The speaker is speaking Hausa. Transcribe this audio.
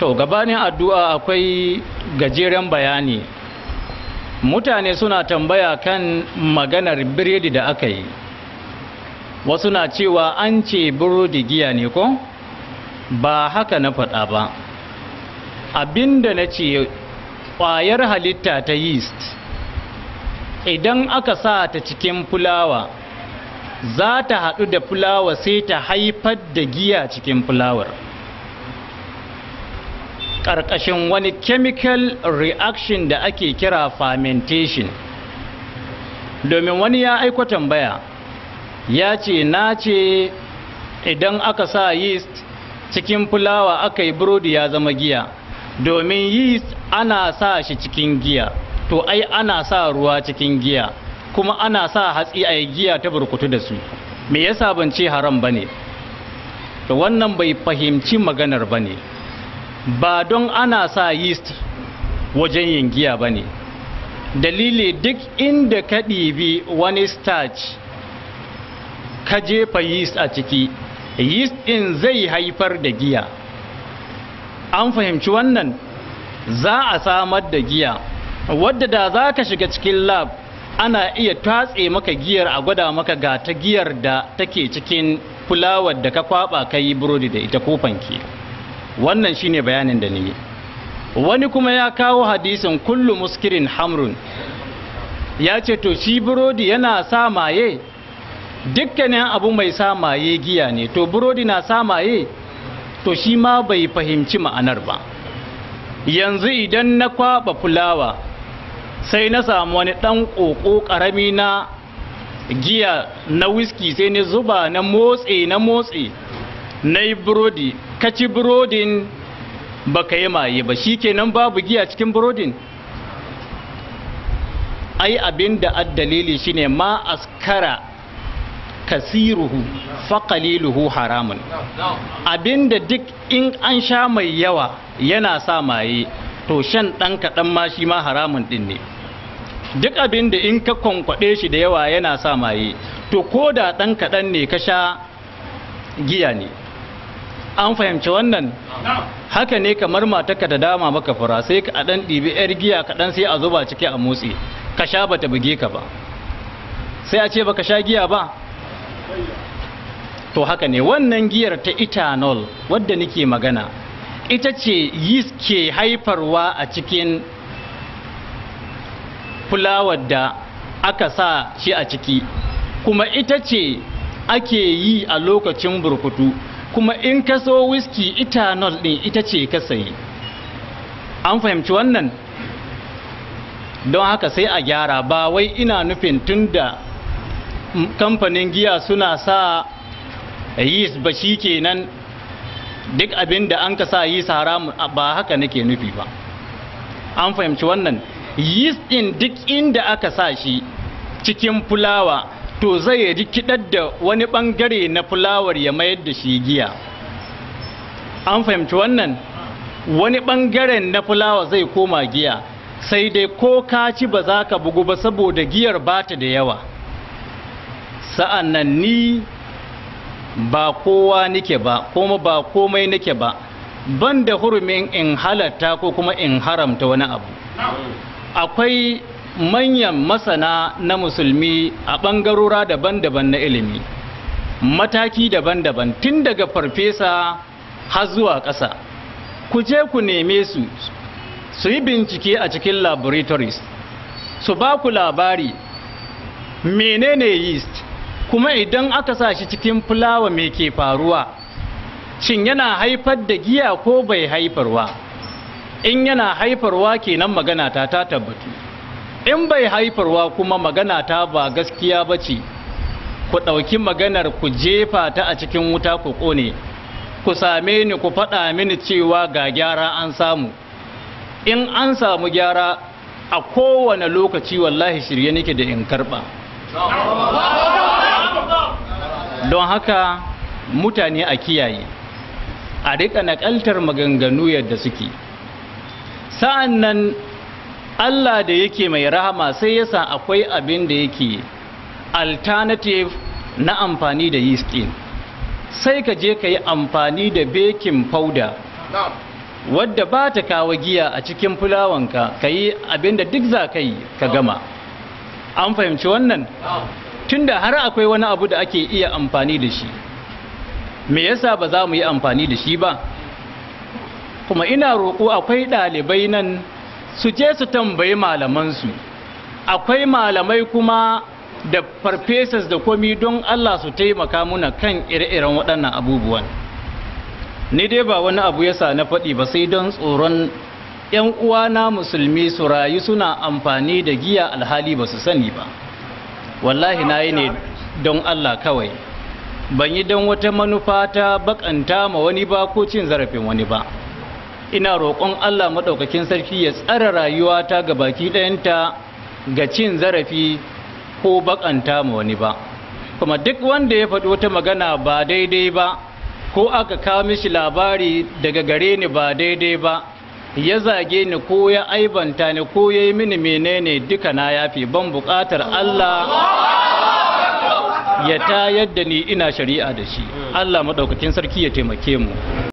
to gabanin addu'a akwai gajeren bayani mutane suna tambaya kan maganar biredi da aka yi wasu na cewa an ce burodi giya ne ko ba haka na faɗa ba abinda na ce ƙwayar halitta ta yeast idan aka sa ta cikin fulawa za ta haɗu da fulawa sai ta haifar da giya cikin fulawar ƙarƙashin wani chemical reaction da ake kira fermentation domin wani ya aiko tambaya ya ce na ce idan aka sa yeast cikin fulawa aka yi burodi ya zama giya domin yeast ana sa shi cikin giya to ai ana sa ruwa cikin giya kuma ana sa hatsi a giya ta burkutu da su me yasa ban ce haram bane to wannan bai fahimci maganar bane ba don ana sa yeast wajen yin giya ba ne dalili duk inda ka ɗibi wani starch ka jefa yeast a ciki yeast in zai haifar da giya an fahimci wannan za a samar da giya wadda da za ka shiga cikin lab ana iya tatse maka giyar a gwada maka ga ta giyar da take cikin fulawar da ka kwaba ka yi burodi da ita ko fanke. wannan shine bayanin da ni wani kuma ya kawo hadisin kullu muskirin hamrun ya ce to shi burodi yana sa maye dukkanin abu mai sa maye giya ne to burodi na sa maye to shi ma bai fahimci ma'anar ba yanzu idan na kwaba fulawa sai na samu wani ɗan koko ƙarami na giya na whisky sai na zuba na motse na motse na yi burodi ka ci burodin ba ka yi maye ba shi shikenan babu giya cikin burodin ai abin da addalili ne ma askara kasiruhu faƙaliluhu haramun abinda duk in an sha mai yawa yana sa maye to shan ɗan kaɗan ma shi ma haramun ɗin ne duk abinda in ka kwankwaɗe shi da yawa yana sa maye to ko da ɗan kaɗan ne ka sha giya ne an fahimci wannan haka ne kamar matarka da dama maka fura sai ka dan ɗibi yar giya kaɗan sai a zuba ciki a motsi ka sha ba ta buge ka ba sai a ce ba ka sha giya ba to haka ne wannan giyar ta ethanol wadda nake magana ita ce yeast ke haifarwa a cikin fulawar da aka sa shi a ciki kuma ita ce ake yi a lokacin burkutu kuma in ka so whisky ethanol ɗin ita ce ka sayi an fahimci wannan don haka sai a gyara ba wai ina nufin tun da kamfanin giya suna sa yis ba shi kenan duk abin da an ka sa yis haramun ba haka nake nufi ba an fahimci wannan yis ɗin duk inda aka sa shi cikin fulawa to zai kidar da wani bangare na fulawar ya mayar da shi giya an fahimci wannan wani bangaren na fulawa zai koma giya sai dai ko ka ci ba za ka bugu ba saboda giyar bata da yawa sa'an nan ni ba kowa nike ba kuma ba komai nike ba ban da hurumin in halatta ko kuma in haramta wani abu akwai manyan masana na musulmi a ɓangarora daban-daban na ilimi mataki daban-daban tun daga farfesa har zuwa ƙasa ku je ku neme su su yi bincike a cikin laboratories su ba ku labari menene yeast kuma idan aka sa shi cikin fulawa mai ke faruwa shin yana haifar da giya ko bai haifarwa in yana haifarwa kenan magana ta ta tabbatu in bai haifarwa kuma magana ta ba gaskiya ba ce ku ɗauki maganar ku jefa ta a cikin wuta ku ƙone ku same ni ku faɗa mini cewa ga gyara an samu in an samu gyara a kowane lokaci wallahi shirye nake da in karɓa don haka mutane a kiyaye a riƙa naƙaltar maganganu yadda suke sa'an nan Allah da yake mai rahama sai ya yasa akwai abin da yake alternative na amfani da yeast din sai ka je ka yi amfani da baking powder wadda ba ta kawo giya a cikin fulawanka ka yi abin da duk za ka ka gama an fahimci wannan tunda har akwai wani abu da ake iya amfani da shi me yasa ba za mu yi amfani da shi ba kuma ina roƙo akwai ɗalibai nan su je su tambayi malamansu akwai malamai kuma da farfesas da komi don Allah su taimaka muna kan ire-iren waɗannan abubuwan ni dai ba wani abu ya sa na faɗi ba sai don tsoron 'yan uwana musulmi su rayu suna amfani da giya alhali ba su sani ba wallahi na yi ne don Allah kawai ban yi don wata manufa ta bakanta ma wani ba ko cin zarafin wani ba ina roƙon Allah maɗaukakin sarki ya tsara rayuwata ga baki ɗayanta ga cin zarafi ko baƙanta ma wani ba kuma duk wanda ya faɗi wata magana ba daidai ba ko aka kawo mishi labari daga gare ni ba daidai ba ya zage ni ko ya aibanta ni ko ya yi mini menene duka na yafi ban buƙatar Allah ya tayar da ni ina shari'a da shi Allah maɗaukakin sarki ya taimake mu